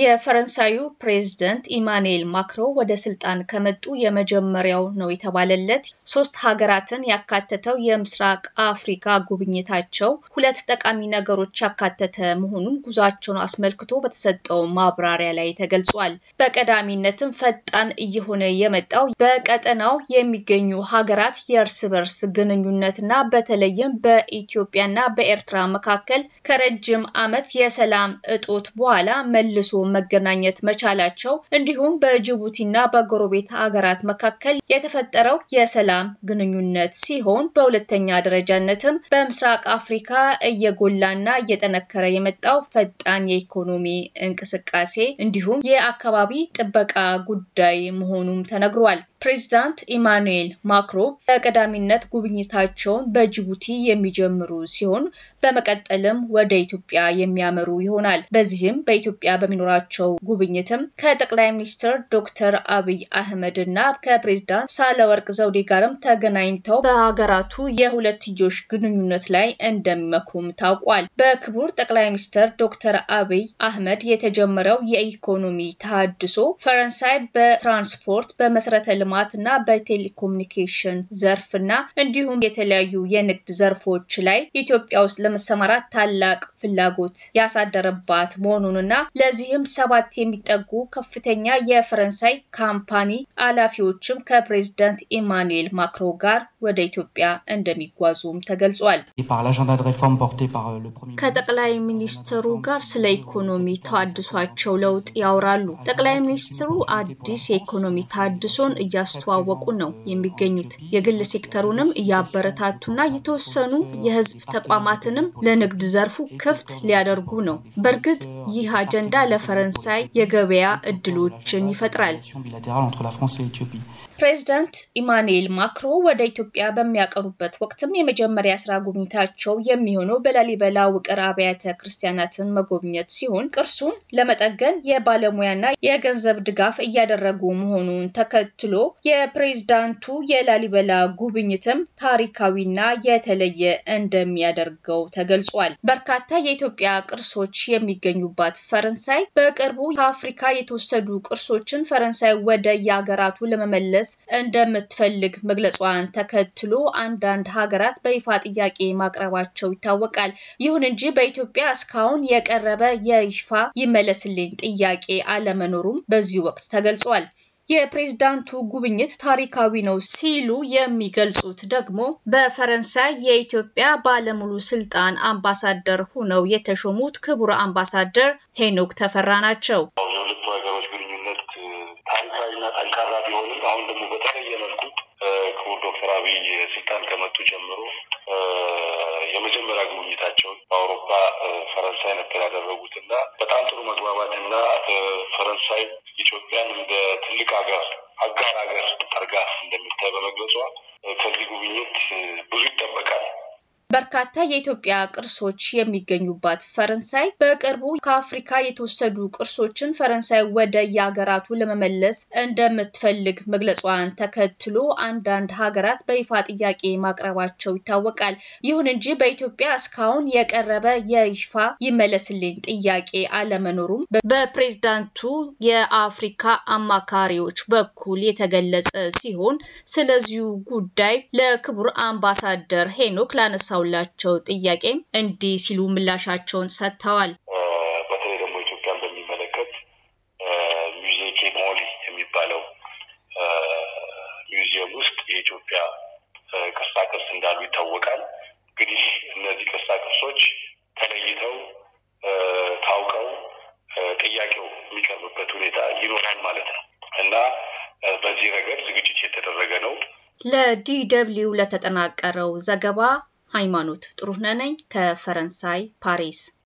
የፈረንሳዩ ፕሬዝደንት ኢማኑኤል ማክሮ ወደ ስልጣን ከመጡ የመጀመሪያው ነው የተባለለት ሶስት ሀገራትን ያካተተው የምስራቅ አፍሪካ ጉብኝታቸው ሁለት ጠቃሚ ነገሮች ያካተተ መሆኑን ጉዟቸውን አስመልክቶ በተሰጠው ማብራሪያ ላይ ተገልጿል። በቀዳሚነትም ፈጣን እየሆነ የመጣው በቀጠናው የሚገኙ ሀገራት የእርስ በርስ ግንኙነትና በተለይም በኢትዮጵያና በኤርትራ መካከል ከረጅም ዓመት የሰላም እጦት በኋላ መልሶ መገናኘት መቻላቸው እንዲሁም በጅቡቲና በጎረቤት አገራት መካከል የተፈጠረው የሰላም ግንኙነት ሲሆን በሁለተኛ ደረጃነትም በምስራቅ አፍሪካ እየጎላና እየጠነከረ የመጣው ፈጣን የኢኮኖሚ እንቅስቃሴ እንዲሁም የአካባቢ ጥበቃ ጉዳይ መሆኑም ተነግሯል። ፕሬዚዳንት ኢማኑኤል ማክሮ በቀዳሚነት ጉብኝታቸውን በጅቡቲ የሚጀምሩ ሲሆን በመቀጠልም ወደ ኢትዮጵያ የሚያመሩ ይሆናል። በዚህም በኢትዮጵያ በሚኖራቸው ጉብኝትም ከጠቅላይ ሚኒስትር ዶክተር አብይ አህመድ እና ከፕሬዚዳንት ሳህለወርቅ ዘውዴ ጋርም ተገናኝተው በሀገራቱ የሁለትዮሽ ግንኙነት ላይ እንደሚመክሩም ታውቋል። በክቡር ጠቅላይ ሚኒስትር ዶክተር አብይ አህመድ የተጀመረው የኢኮኖሚ ተሃድሶ ፈረንሳይ በትራንስፖርት በመሰረተ ልማትና በቴሌኮሙኒኬሽን ዘርፍና እንዲሁም የተለያዩ የንግድ ዘርፎች ላይ ኢትዮጵያ ውስጥ ለመሰማራት ታላቅ ፍላጎት ያሳደረባት መሆኑንና ለዚህም ሰባት የሚጠጉ ከፍተኛ የፈረንሳይ ካምፓኒ ኃላፊዎችም ከፕሬዝዳንት ኢማኑኤል ማክሮ ጋር ወደ ኢትዮጵያ እንደሚጓዙም ተገልጿል። euh, ከጠቅላይ ሚኒስትሩ ጋር ስለ ኢኮኖሚ ተሃድሷቸው ለውጥ ያወራሉ። ጠቅላይ ሚኒስትሩ አዲስ የኢኮኖሚ ተሃድሶን እያ እያስተዋወቁ ነው የሚገኙት። የግል ሴክተሩንም እያበረታቱና የተወሰኑ የህዝብ ተቋማትንም ለንግድ ዘርፉ ክፍት ሊያደርጉ ነው። በእርግጥ ይህ አጀንዳ ለፈረንሳይ የገበያ እድሎችን ይፈጥራል። ፕሬዚዳንት ኢማኑኤል ማክሮ ወደ ኢትዮጵያ በሚያቀሩበት ወቅትም የመጀመሪያ ስራ ጉብኝታቸው የሚሆነው በላሊበላ ውቅር አብያተ ክርስቲያናትን መጎብኘት ሲሆን ቅርሱን ለመጠገን የባለሙያና የገንዘብ ድጋፍ እያደረጉ መሆኑን ተከትሎ የፕሬዝዳንቱ የላሊበላ ጉብኝትም ታሪካዊና የተለየ እንደሚያደርገው ተገልጿል። በርካታ የኢትዮጵያ ቅርሶች የሚገኙባት ፈረንሳይ በቅርቡ ከአፍሪካ የተወሰዱ ቅርሶችን ፈረንሳይ ወደ የሀገራቱ ለመመለስ መመለስ እንደምትፈልግ መግለጿን ተከትሎ አንዳንድ ሀገራት በይፋ ጥያቄ ማቅረባቸው ይታወቃል። ይሁን እንጂ በኢትዮጵያ እስካሁን የቀረበ የይፋ ይመለስልኝ ጥያቄ አለመኖሩም በዚሁ ወቅት ተገልጿል። የፕሬዝዳንቱ ጉብኝት ታሪካዊ ነው ሲሉ የሚገልጹት ደግሞ በፈረንሳይ የኢትዮጵያ ባለሙሉ ስልጣን አምባሳደር ሆነው የተሾሙት ክቡር አምባሳደር ሄኖክ ተፈራ ናቸው። ቢሆንም አሁን ደግሞ በተለየ መልኩ ክቡር ዶክተር አብይ ስልጣን ከመጡ ጀምሮ የመጀመሪያ ጉብኝታቸውን በአውሮፓ ፈረንሳይ ነበር ያደረጉት እና በጣም ጥሩ መግባባት እና ፈረንሳይ ኢትዮጵያን እንደ ትልቅ ሀገር አጋር ሀገር ጠርጋ እንደምታይ በመግለጿ ከዚህ ጉብኝት ብዙ ይጠበቃል። በርካታ የኢትዮጵያ ቅርሶች የሚገኙባት ፈረንሳይ በቅርቡ ከአፍሪካ የተወሰዱ ቅርሶችን ፈረንሳይ ወደ የሀገራቱ ለመመለስ እንደምትፈልግ መግለጿን ተከትሎ አንዳንድ ሀገራት በይፋ ጥያቄ ማቅረባቸው ይታወቃል። ይሁን እንጂ በኢትዮጵያ እስካሁን የቀረበ የይፋ ይመለስልኝ ጥያቄ አለመኖሩም በፕሬዝዳንቱ የአፍሪካ አማካሪዎች በኩል የተገለጸ ሲሆን ስለዚሁ ጉዳይ ለክቡር አምባሳደር ሄኖክ ላነሳው ላነሳውላቸው ጥያቄ እንዲህ ሲሉ ምላሻቸውን ሰጥተዋል። በተለይ ደግሞ ኢትዮጵያን በሚመለከት ሙዚየቴ ሞል የሚባለው ሚውዚየም ውስጥ የኢትዮጵያ ቅርሳቅርስ እንዳሉ ይታወቃል። እንግዲህ እነዚህ ቅርሳቅርሶች ተለይተው ታውቀው ጥያቄው የሚቀርብበት ሁኔታ ይኖራል ማለት ነው እና በዚህ ረገድ ዝግጅት የተደረገ ነው። ለዲ ደብልዩ ለተጠናቀረው ዘገባ ሃይማኖት ጥሩነህ ነኝ ከፈረንሳይ ፓሪስ